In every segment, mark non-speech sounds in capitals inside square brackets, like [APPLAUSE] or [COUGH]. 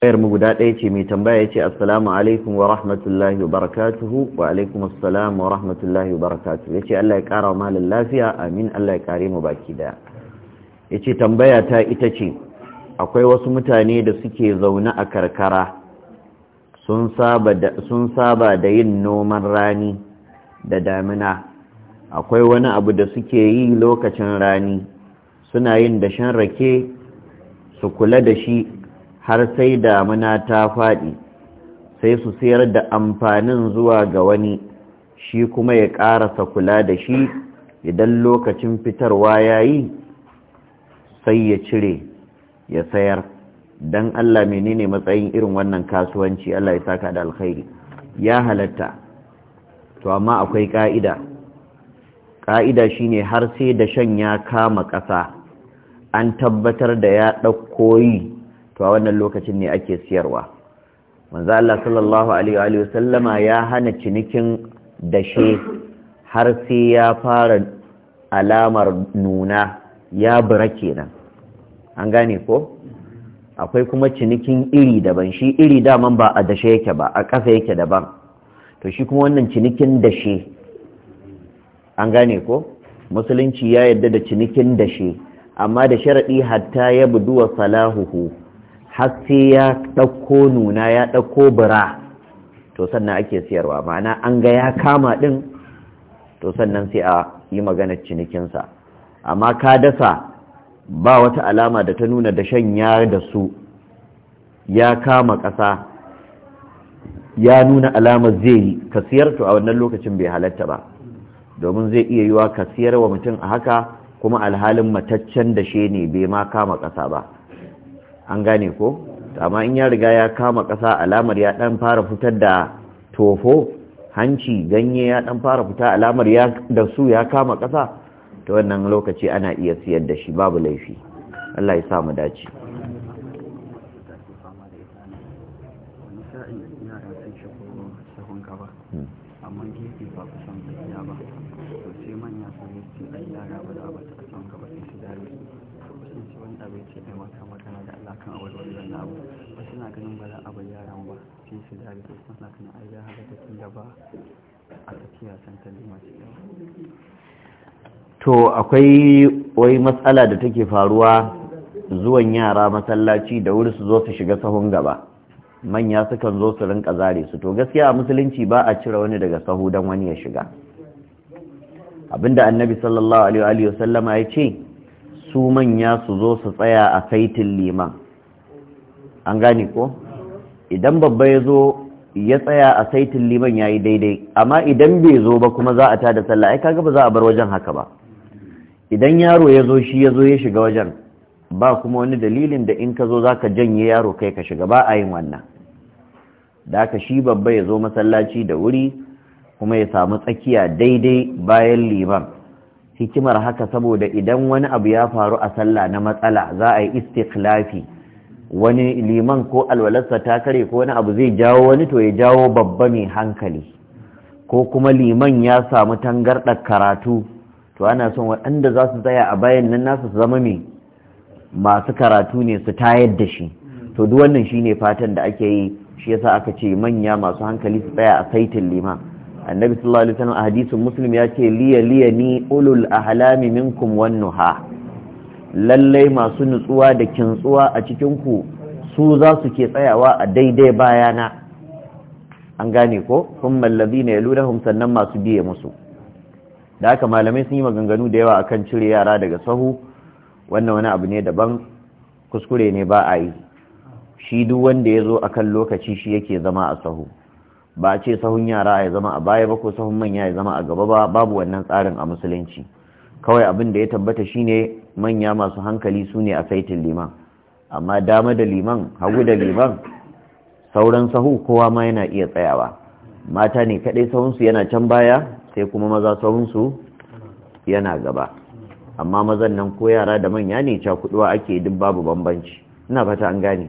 tsayar mu guda ɗaya ce mai tambaya ya ce assalamu alaikum wa rahmatullahi wa barakatuhu wa alaikum assalamu wa rahmatullahi wa barakatuhu ya ce Allah ya ƙara wa malin lafiya amin Allah ya ƙare mu baki daya ya ce tambaya ta ita ce akwai wasu mutane da suke zaune a karkara sun saba da yin noman rani da damina akwai wani abu da suke yi lokacin rani suna yin dashen rake su kula da shi har sai damuna ta faɗi sai su sayar da amfanin zuwa ga wani shi kuma ya ƙarasa kula da shi idan lokacin fitarwa ya yi sai ya cire ya sayar don Allah menene matsayin irin wannan kasuwanci Allah ya saka da alkhairi ya halatta to amma akwai ƙa'ida ƙa'ida ne har sai da shan ya kama ƙasa an tabbatar da ya ɗauko yi to a wannan lokacin ne ake siyarwa manzo Allah sallallahu alaihi wa sallama ya hana cinikin dashe har sai ya fara alamar nuna ya bura kenan an gane ko akwai kuma cinikin iri daban shi iri daman ba a dashe yake ba a ƙasa yake daban to shi kuma wannan cinikin dashe an gane ko musulunci ya yarda da cinikin dashe amma da sharadi hatta ya buduwa salahuhu har sai ya ɗauko nuna ya ɗauko bura to sannan ake siyarwa ma'ana an ga ya kama ɗin to sannan sai a yi maganar cinikinsa amma ka dasa ba wata alama da ta nuna da shan ya da su ya kama ƙasa ya nuna alamar zai yi ka siyar to a wannan lokacin bai halatta ba domin zai iya yiwa ka siyar wa mutum a haka kuma alhalin mataccen da shi ne bai ma kama ƙasa ba an gane ko amma in ya riga ya kama ƙasa alamar ya ɗan fara fitar da tofo hanci ganye ya ɗan fara fita alamar ya da su ya kama ƙasa ta wannan lokaci ana iya siyar da shi babu laifi Allah ya samu mu dace to akwai wai matsala da take faruwa zuwan yara masallaci da wuri su zo su shiga sahun gaba manya sukan zo su rinka zare su to gaskiya a musulunci ba a cire wani daga sahu don wani ya shiga abinda annabi sallallahu alaihi sallama ya ce su manya su zo su tsaya a saitin liman an gane ko idan babba ya zo ya tsaya a saitin liman ya yi daidai amma idan bai zo ba kuma za a ta da sallah ai kaga ba za a bar wajen haka ba idan yaro ya zo shi ya zo ya shiga wajen ba kuma wani dalilin da in ka zo za ka janye yaro kai ka shiga ba a yin wannan da haka shi babba ya zo masallaci da wuri kuma ya samu tsakiya daidai bayan liman hikimar haka saboda idan wani abu ya faru a sallah na matsala za a yi istiklafi wani liman ko alwalarsa ta kare ko wani abu zai jawo wani to ya jawo babba mai hankali ko kuma liman ya samu tangarɗa karatu to ana son waɗanda za su tsaya a bayan nan nasu su zama mai masu karatu ne su tayar da shi to duk wannan shine fatan da ake yi shi yasa aka ce manya masu hankali su tsaya a saitin liman annabi sallallahu alaihi wasallam a hadisin muslim ya ce liya liya ni ulul ahlami minkum wan nuha lallai masu nutsuwa da kintsuwa a cikinku su za su ke tsayawa a daidai bayana an gane ko sun mallabi na yaludahum sannan masu biye musu da aka malamai sun yi maganganu da yawa akan cire yara daga sahu wannan wani abu ne daban kuskure ne ba a yi shi duk wanda ya zo a kan lokaci shi yake zama a sahu ba a ce sahun yara ya zama a baya ba ko sahun manya ya zama a gaba ba babu wannan tsarin a musulunci kawai abin da ya tabbata shine manya masu hankali su ne a saitin liman amma dama da liman hagu da liman sauran sahu kowa ma yana iya tsayawa mata ne kaɗai sahunsu yana can baya sai kuma maza sahunsu yana gaba amma mazan nan ko yara da manya ne cakuduwa ake duk babu bambanci ina fata an gane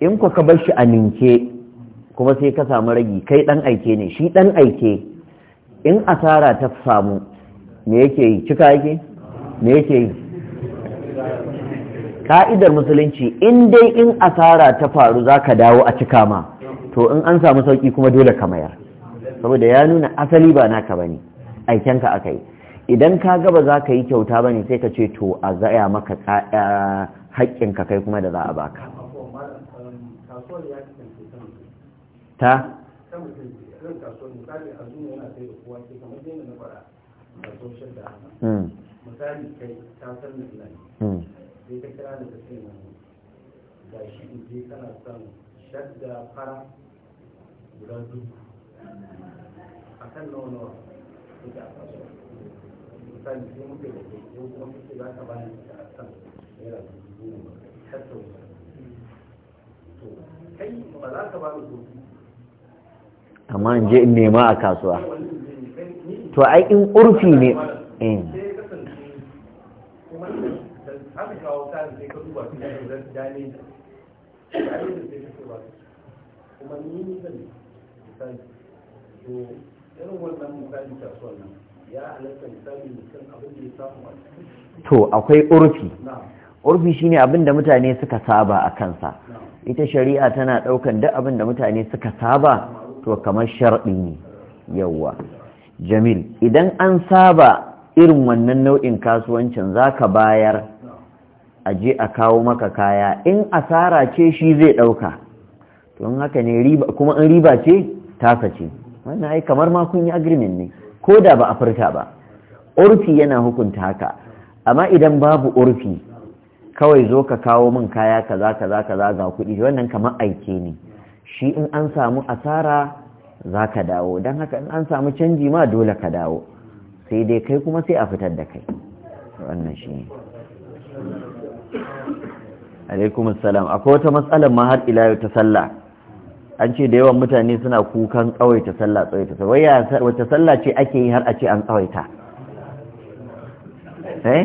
in ku ka bar shi a ninke kuma sai ka samu ragi kai dan aike ne shi dan aike in asara ta samu me yake yi cika yake me yake yi ka'idar musulunci in dai in asara ta faru za ka dawo a cika ma to in an samu sauki kuma dole ka mayar saboda ya nuna asali ba naka bane ka aka yi idan ka gaba za ka yi kyauta ba ne sai ka ce to a gaya maka eh, haƙƙinka kai kuma da za a baka ta misali kai ta san nan sai ta kira da ta ga shi in je kana son shadda fara guda dubu a kan nawa nawa suke a kasuwa misali sai muke da kai yau kuma suke za ka bani a san naira dubu goma shadda to kai ba za ka bani dubu amma in je in nema a kasuwa to ai in urfi ne in eh. to akwai urfi urfi shine abin da mutane suka saba a kansa ita shari'a tana daukan duk abin da mutane suka saba to kamar sharɗi ne yawwa jamil idan an saba irin wannan nau'in kasuwancin za ka bayar a je a kawo maka kaya in asara ce shi zai ɗauka To in haka ne kuma in riba ce tasa ce wannan ai kamar ma kun yi agreement ne ko da ba a furta ba urfi yana hukunta haka amma idan babu urfi kawai zo ka kawo min kaya kaza kaza kaza ga kuɗi wannan kamar aike ne shi in an samu asara za ka dawo don haka in an samu canji ma dole ka dawo sai dai kai kuma sai a fitar da kai wannan shi ne alaikumussalam akwai wata matsalar ma har ila ta sallah an ce da yawan mutane suna kukan tsawaita sallah tsawaita sallah wata sallah ce ake yi har a ce an tsawaita eh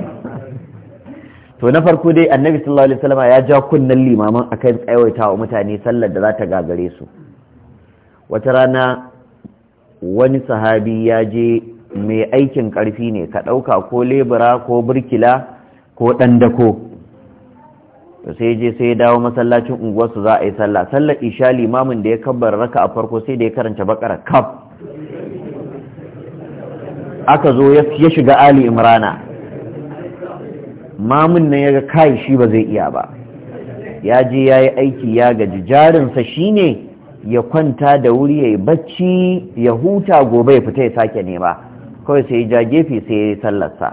to na farko dai annabi sallallahu alaihi wasallam ya ja kunnan limaman akan tsayawaitawa mutane sallar da za ta gagare su wata rana wani sahabi ya je mai aikin karfi ne ka ɗauka ko lebura ko burkila ko to sai je sai dawo masallacin unguwarsu za a yi sallah sallar isha limamin da ya kabbar raka a farko sai da ya karanta bakara kaf aka zo ya shiga ali imrana mamun nan ya ga kai shi ba zai iya ba ya je ya yi aiki ya gaji jarinsa shi ne ya kwanta da wuri ya yi bacci ya huta gobe ya fita ya sake nema kawai sai ja gefe sai ya yi sallarsa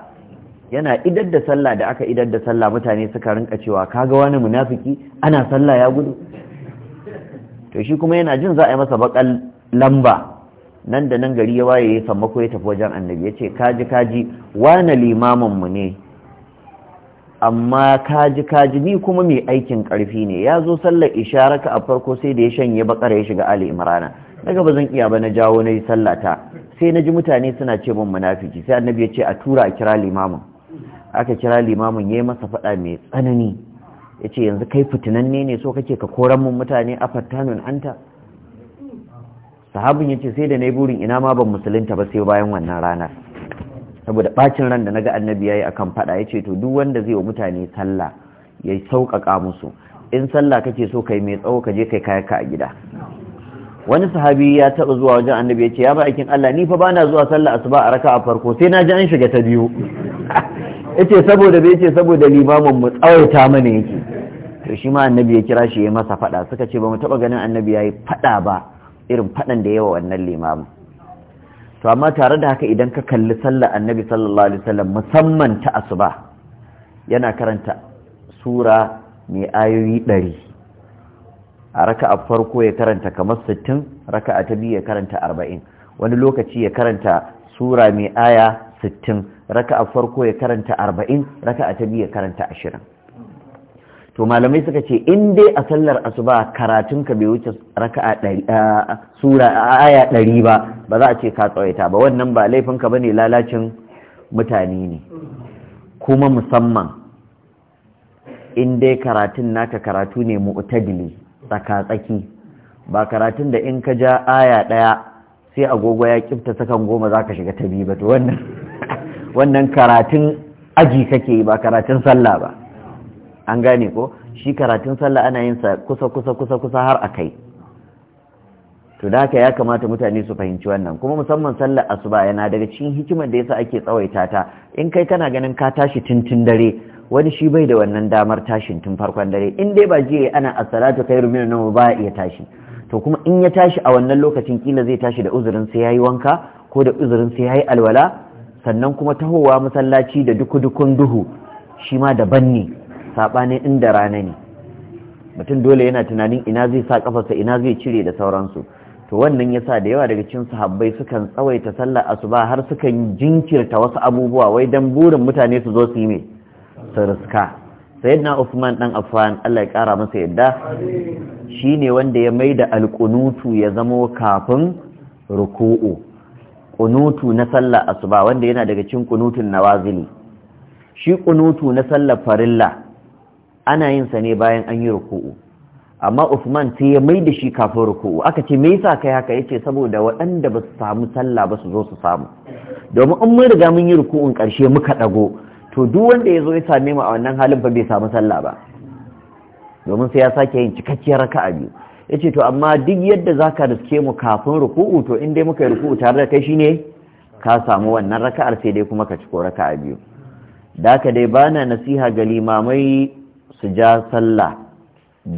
yana idar da sallah da aka idar da sallah mutane suka rinka cewa kaga wani munafiki ana sallah ya gudu to shi kuma yana jin za a yi masa bakal lamba nan da nan gari ya waye ya sammako ya tafi wajen annabi ya ce kaji kaji wani limamin mu ne amma kaji kaji ni kuma mai aikin karfi ne ya zo sallar isharaka a farko sai da ya shanye bakara ya shiga ali imrana daga bazan zan iya ba na jawo na yi sallata sai na ji mutane suna ce min munafiki sai annabi ya ce a tura a kira limamin aka kira limamin ya yi masa faɗa mai tsanani ya ce yanzu kai fitinanne ne so kake ka koran mun mutane a fattanun anta sahabin ya ce sai da na yi burin ina ma ban musulunta ba sai bayan wannan ranar saboda bacin ran da naga annabi yayi akan fada yace to duk wanda zai wa mutane sallah ya sauƙaƙa musu in sallah kake so kai mai tsawo kaje kai kai ka a gida wani sahabi ya taba zuwa wajen annabi ya ce ya ba aikin Allah ni fa bana zuwa sallah asuba a raka'a farko sai na ji an shiga ta biyu [LAUGHS] yace saboda bai yace saboda limamin mu tsawata mana yake to shi ma annabi ya kira shi ya masa fada suka ce ba mu taɓa ganin annabi yayi fada ba irin fadan da yawa wannan limamin to amma tare da haka idan ka kalli sallar annabi sallallahu alaihi wasallam musamman ta asuba yana karanta sura mai ayoyi ɗari a raka'a farko ya karanta kamar sittin raka'a ta biyu ya karanta arba'in wani lokaci ya karanta sura mai aya sittin raka'a farko ya karanta arba'in raka'a ta biyu ya karanta ashirin to malamai suka ce in dai a sallar asuba karatun ka bai wuce raka'a ɗari sura aya ɗari ba ba za a ce ka tsawaita ba wannan ba laifin ka bane lalacin mutane ne kuma musamman in dai karatun naka karatu ne mu'tadili tsaka tsaki ba karatun da in ka ja aya ɗaya sai agogo ya kifta sakan goma za ka shiga ta biyu ba to wannan [LAUGHS] karatun aji kake ba karatun sallah ba an gane ko shi karatun sallah ana yin sa kusa kusa kusa kusa har akai to da haka ya kamata mutane su fahimci wannan kuma musamman Sallah asuba yana daga cikin hikimar da yasa ake tsawaita ta in kai kana ganin ka tashi tintin dare wani shi bai da wannan damar tashin tun farkon dare in dai ba jiya ana as-salatu khairu minan nawm ba iya tashi to kuma in ya tashi a wannan lokacin kila zai tashi da uzurin sai yayi wanka ko da uzurin sai yayi alwala sannan kuma tahowa masallaci da duku-dukun duhu shi ma daban ne saɓanin inda rana ne mutum dole yana tunanin ina zai sa kafarsa ina zai cire da sauransu to wannan yasa da yawa daga cikin sahabbai sukan tsawaita sallar asuba har sukan jinkirta wasu abubuwa wai dan burin mutane su zo su yi me su riska sayyidina Uthman dan Affan Allah ya kara masa yadda shine wanda ya maida alqunutu ya zama kafin ruku'u qunutu na sallar asuba wanda yana daga cikin qunutun nawazili shi qunutu na sallar farilla ana yin sa ne bayan an yi ruku'u amma Usman sai ya mai da shi kafin ruku'u aka ce me yasa kai haka yace saboda waɗanda ba su samu sallah ba su zo su samu domin in mun riga mun yi ruku'un ƙarshe muka dago to duk wanda ya zo ya same mu a wannan halin ba bai samu sallah ba domin sai ya sake yin cikakkiyar raka'a biyu yace to amma duk yadda zaka riske mu kafin ruku'u to in dai muka yi ruku'u tare da kai shine ka samu wannan raka'ar sai dai kuma ka ci ko raka'a biyu da ka dai bana nasiha ga limamai su ja sallah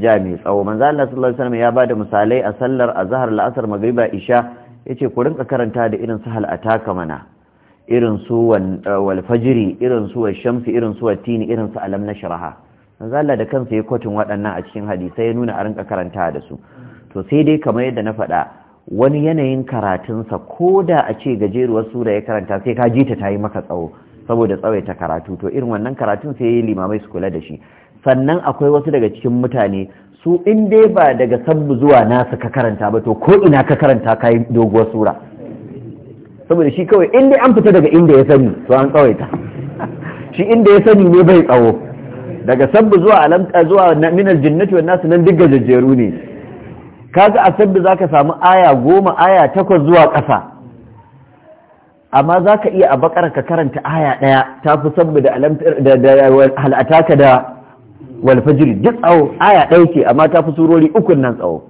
ja mai tsawo manzo Allah sallallahu alaihi wasallam ya bada misalai a sallar azhar la'asar magriba isha yace ku rinka karanta da irin su hal ataka mana irin su eh, wal fajri irin su wal shamsi irin su tini, irin su alam nashraha manzo Allah da kansa ya kwatun waɗannan a cikin hadisai ya nuna a rinka karanta da su to sai dai kamar yadda na faɗa wani yanayin karatunsa ko da a ce gajeruwar sura ya karanta sai ka ji ta yi maka tsawo saboda tsawaita karatu to irin wannan karatun sai ya yi limamai su kula da shi sannan akwai wasu daga cikin mutane su in dai ba daga sabbu zuwa nasu ka karanta ba to ko ina ka karanta ka yi doguwar sura saboda shi kawai in dai an fita daga inda ya sani to an tsawaita shi inda ya sani ne bai tsawo daga sabbu zuwa alamta zuwa minar jinnati wan nasu nan duk gajejjeru ne kaga a sabbu zaka samu aya goma aya takwas zuwa ƙasa amma zaka iya a bakar ka karanta aya ɗaya ta fi sabbu da alamta da hal'ataka da wal duk tsawo aya ɗaya ce amma ta fi surori ukun nan tsawo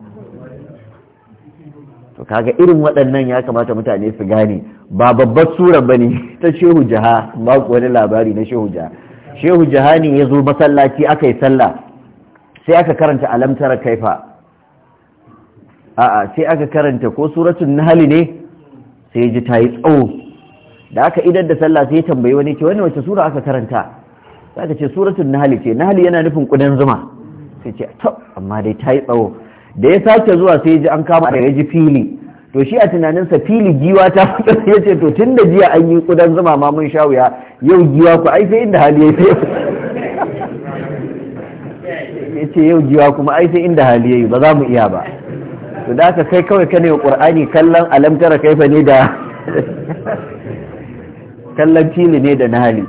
to kaga irin waɗannan ya kamata mutane su gane ba babbar sura bane ta shehu jaha ba wani labari na shehu jaha shehu jaha ne ya zo masallaci aka yi sallah sai aka karanta alamtara kaifa a'a sai aka karanta ko suratun nahali ne sai ji ta yi tsawo da aka idar da sallah sai ya tambayi wani ce wani wace sura aka karanta za ka ce suratun nahali ce nahali yana nufin kudin zuma sai ce to amma dai ta yi tsawo da ya sake zuwa sai ji an kama da ya ji fili to shi a tunaninsa fili giwa ta fito ya ce to tun da jiya an yi kudin zuma ma mun sha wuya yau giwa ku ai sai inda hali ya yi [LAUGHS] ya ce yau giwa kuma ai sai inda hali ya yi ba za mu iya ba to da aka kai kawai ka ne ƙur'ani kallon alamtara kaifa ne da [LAUGHS] kallon fili ne da nahali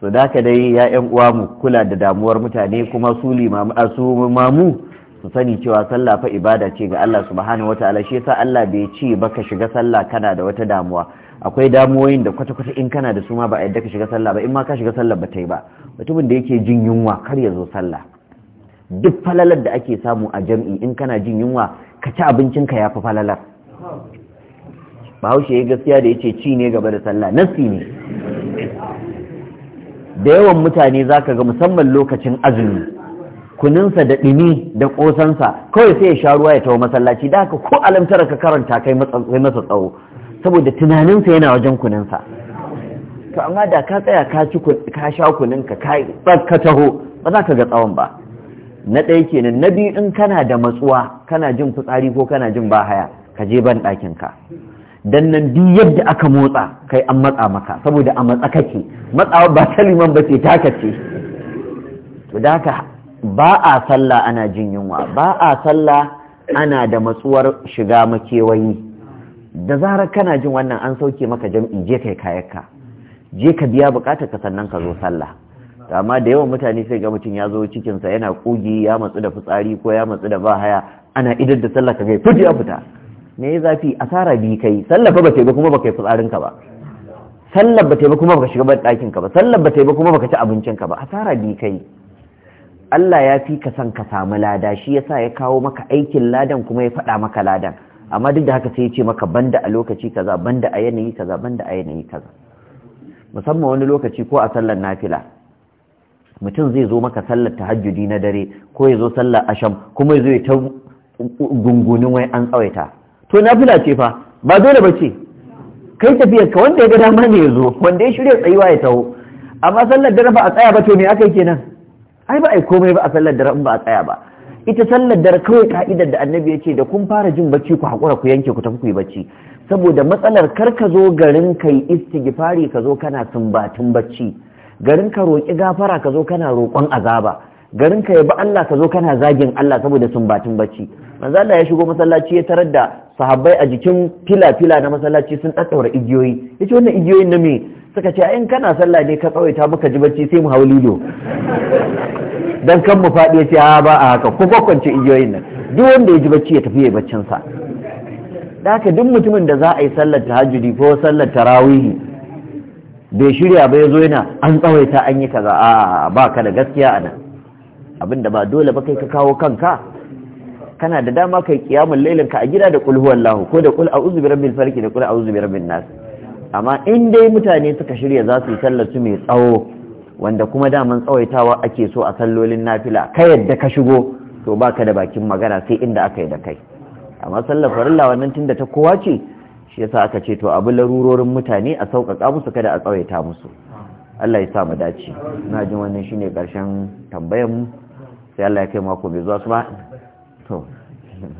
so da ka dai ya yan uwa mu kula da damuwar mutane kuma su limamu a su mamu su sani cewa sallah fa ibada ce ga Allah subhanahu wataala shi yasa Allah bai ce ba ka shiga sallah kana da wata damuwa akwai damuwoyin da kwata-kwata in kana da su ma ba a yadda ka shiga sallah ba in ma ka shiga sallah ba ta yi ba mutumin da yake jin yunwa kar ya zo sallah duk falalar da ake samu a jam'i in kana jin yunwa ka ci ka ya fi falalar bahaushe ya gaskiya da ya ce ci ne gaba da sallah nassi ne da yawan mutane za ka ga musamman lokacin azumi kuninsa da ɗini da ƙosansa kawai sai ya sha ruwa ya tawo masallaci da haka ko alamtar ka karanta kai masa tsawo saboda tunaninsa yana wajen kuninsa to amma da ka tsaya ka sha kunin ka taho ba za ka ga tsawon ba na ɗaya kenan na biyu in kana da matsuwa kana jin fitsari ko kana jin bahaya ka je ban ɗakinka dan nan duk yadda aka motsa kai an matsa maka saboda a matsa kake matsawa ba ta liman ba ce taka ce to da haka ba a sallah ana jin yunwa ba a sallah ana da matsuwar shiga makewayi da zarar kana jin wannan an sauke maka jam'i je kai kayakka je ka biya bukatar ka sannan ka zo sallah amma da yawan mutane sai ga mutum ya zo cikinsa yana kogi ya matsu da fitsari ko ya matsu da bahaya ana idar da sallah ka gai fudi ya fita me ya zafi asara bi kai sallar ba ta yi ba kuma baka yi fitsarin ka ba sallar ba ta yi ba kuma baka shiga ɗakin ka ba sallar ba ta yi ba kuma baka ci abincin ka ba asara bi kai Allah ya fi ka san ka samu lada shi yasa ya kawo maka aikin ladan kuma ya faɗa maka ladan amma duk da haka sai ya ce maka banda a lokaci kaza banda a yanayi kaza banda a yanayi kaza musamman wani lokaci ko a sallar nafila mutum zai zo maka sallar tahajjudi na dare ko ya zo sallar asham kuma ya zo ya ta gungunin wai an tsawaita to fila ce fa ba dole ba ce kai tafiyar ka wanda ya ga dama ne ya zo wanda ya shirya tsayuwa ya taho amma sallar dare ba a tsaya ba to me aka yi kenan ai ba ai komai ba a sallar dare in ba a tsaya ba ita sallar dare kawai ka'idar da annabi ya ce da kun fara jin bacci ku hakura ku yanke ku tafi ku yi bacci saboda matsalar kar ka zo garin kai istighfari ka zo kana sumbatin bacci garin ka roƙi gafara ka zo kana roƙon azaba garin ka yabi Allah ka zo kana zagin Allah saboda sumbatin bacci manzo Allah ya shigo masallaci ya tarar da sahabbai a jikin fila-fila na masallaci sun ɗaɗɗaura igiyoyi ya ce wannan igiyoyin na me suka ce in kana sallah ne ka tsawaita muka ji bacci sai mu hau Lido? dan kan mu faɗi ya ce a ba a haka ko kwakwance igiyoyin nan duk wanda ya ji bacci ya tafi ya baccin sa da haka duk mutumin da za a yi sallar tahajjudi ko sallar tarawihi bai shirya ba ya zo yana an tsawaita an yi kaza a ba ka da gaskiya a nan abinda ba dole ba kai ka kawo kanka kana da dama kai kiyamul lailin ka a gida da qul huwallahu ko da kul a'udhu rabbil falaq da kul a'udhu rabbin nas amma in dai mutane suka shirya za su yi sallar mai tsawo wanda kuma daman tsawaitawa ake so a sallolin nafila ka yadda ka shigo to baka da bakin magana sai inda aka yi da kai amma sallar farilla wannan tunda ta kowa ce shi yasa aka ce to abu larurorin mutane a sauƙaƙa musu kada a tsawaita musu Allah ya sa mu dace na jin wannan shine karshen tambayar mu sai Allah ya kai mako bai zuwa su ba to mm.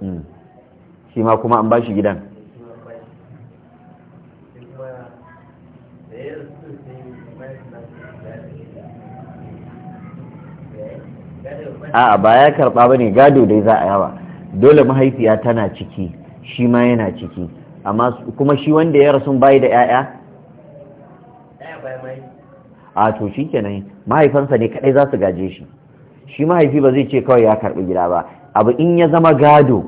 mm. shi ma kuma an ba shi gidan a ba ya karba ba ne gado dai za a yawa dole mahaifiya tana ciki shi ma yana ciki amma kuma shi wanda ya rasu bai da 'ya'ya a to shi kenan mahaifansa ne kadai za su gaje shi shi mahaifi ba zai ce kawai ya karbi gida ba abu in ya zama gado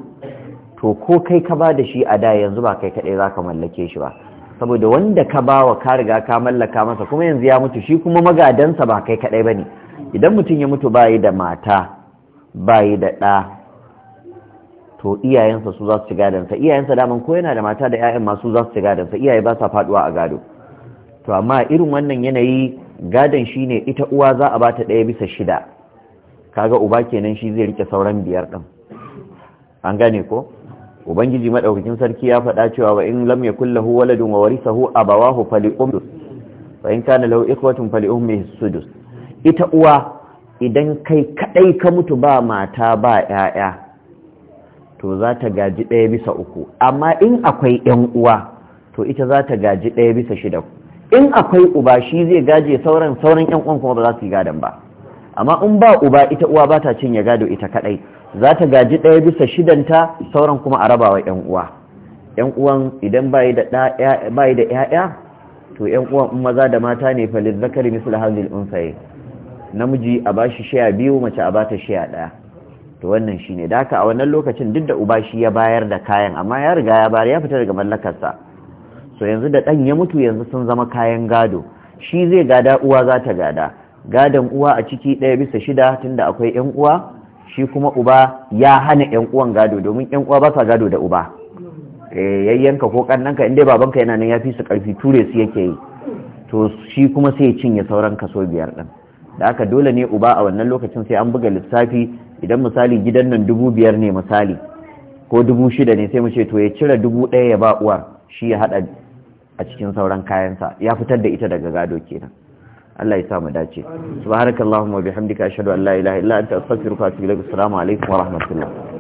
to ko kai ka ba da shi a da yanzu ba kai kadai za ka mallake shi ba saboda wanda ka ba wa ka riga ka mallaka masa kuma yanzu ya mutu shi kuma magadansa ba kai kadai ba ne idan mutum ya mutu bayi da mata bayi da ɗa to iyayensa su za su ci gadonsa iyayensa dama ko yana da mata da 'ya'yan masu za su ci gadonsa iyaye ba sa faduwa a gado to amma irin wannan yanayi gadon shi ne ita uwa za a bata ɗaya bisa shida kaga uba kenan shi zai rike sauran biyar ɗin an gane ko ubangiji maɗaukakin sarki ya faɗa cewa wa in lam yakul lahu waladun wa warithahu abawahu fali'um fa in kana lahu ikhwatun fali'ummihi sudus ita uwa idan kai kaɗai ka mutu ba mata ba 'ya'ya to za ta gaji ɗaya bisa uku amma in akwai ‘yan uwa to ita za ta gaji ɗaya bisa shida in akwai uba shi zai gaje sauran sauran ‘yan uwan kuma ba za su yi gadon ba amma in ba uba ita uwa ba ta cinye gado ita kaɗai za ta gaji ɗaya bisa shidanta sauran kuma a rabawa ‘yan uwa ‘yan uwan idan bayi da ‘ya'ya to ‘yan uwan in maza da mata ne falin zakari misal hazil unsaye namiji a bashi shaya biyu mace a bata shaya ɗaya to wannan ne. da haka a wannan lokacin duk da uba shi ya bayar da kayan amma ya riga ya bayar ya fita daga mallakarsa so yanzu da ɗan ya mutu yanzu sun zama kayan gado shi zai gada uwa za ta gada gadon uwa a ciki ɗaya bisa shida tunda akwai yan uwa shi kuma uba ya hana yan uwan gado domin yan uwa ba sa gado da uba eh yayyanka ko kannanka inda babanka yana nan ya fi su karfi ture su yake yi to shi kuma sai ya cinye sauran kaso biyar ɗin. da haka dole ne uba a wannan lokacin sai an buga lissafi idan misali gidan nan dubu biyar ne misali ko dubu shida ne sai mu ce to ya cire dubu ɗaya ya ba uwar shi ya haɗa a cikin sauran kayansa ya fitar da ita daga gado kenan Allah ya sa mu dace subhanakallahumma wa bihamdika ashhadu an la ilaha illa anta astaghfiruka wa atubu ilaik assalamu alaikum wa rahmatullah